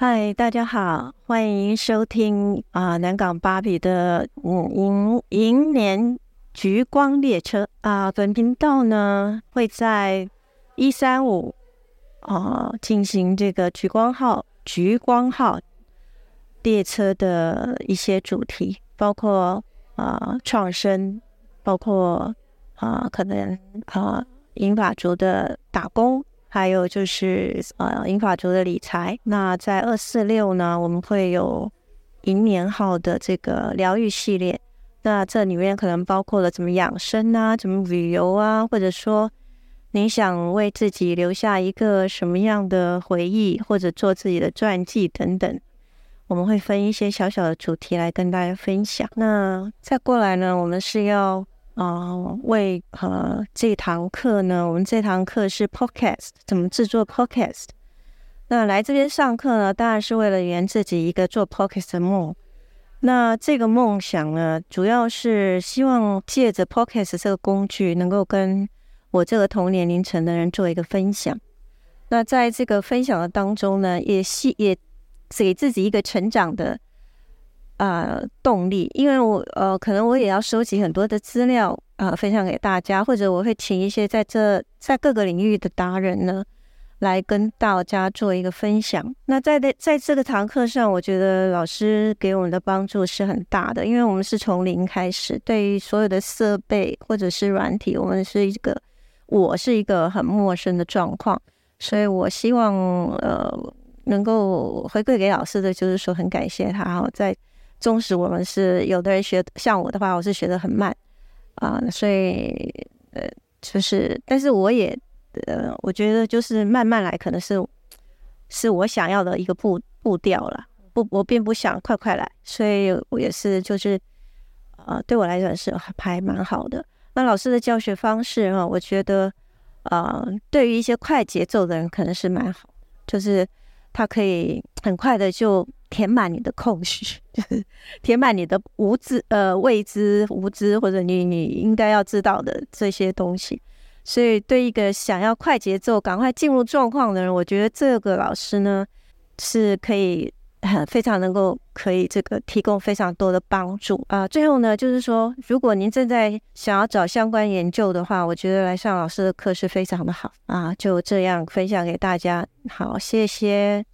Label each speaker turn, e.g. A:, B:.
A: 嗨，Hi, 大家好，歡迎收聽啊、呃，南港芭比的五銀銀聯橘光列車啊、呃。本頻道呢會在一三五啊進行這個橘光號、橘光號列車的一些主題，包括啊、呃、創生，包括啊、呃、可能啊銀、呃、發族的打工，還有就是，呃，銀髮族的理財。那在二四六呢，我們會有銀年號的這個療癒系列。那這裡面可能包括了怎麼養生啊，怎麼旅遊啊，或者說你想為自己留下一個什麼樣的回憶，或者做自己的傳記等等，我們會分一些小小的主題來跟大家分享。那再過來呢，我們是要。啊、哦，為呃這堂課呢，我們這堂課是 podcast 怎麼製作 podcast。那來這邊上課呢，當然是為了圓自己一個做 podcast 的夢。那這個夢想呢，主要是希望借着 podcast 這個工具，能夠跟我這個同年齡層的人做一個分享。那在這個分享的當中呢，也系也是給自己一個成長的。啊、呃，動力，因為我呃，可能我也要收集很多的資料啊、呃，分享給大家，或者我會請一些在這在各個領域的達人呢，來跟大家做一個分享。那在的，在這個堂課上，我覺得老師給我們的幫助是很大的，因為我們是從零開始，對於所有的設備或者是軟體，我們是一個我是一個很陌生的狀況，所以我希望呃能夠回饋給老師的就是說，很感謝他，哦，在。縱使我們是有的人學，像我的話，我是學得很慢啊、呃，所以呃，就是但是我也呃，我覺得就是慢慢來，可能是是我想要的一個步步調了。不，我並不想快快來，所以我也是就是，呃，對我來講是還蠻好的。那老師的教學方式啊，我覺得呃，對於一些快節奏的人可能是蠻好，就是他可以。很快的就填滿你的空虛，就是填滿你的無知、呃未知，無知或者你你應該要知道的這些東西。所以，對一個想要快節奏、趕快進入狀況的人，我覺得這個老師呢是可以很、呃、非常能夠可以這個提供非常多的幫助啊。最後呢，就是說，如果您正在想要找相關研究的話，我覺得來上老師的課是非常的好啊。就這樣分享給大家，好，謝謝。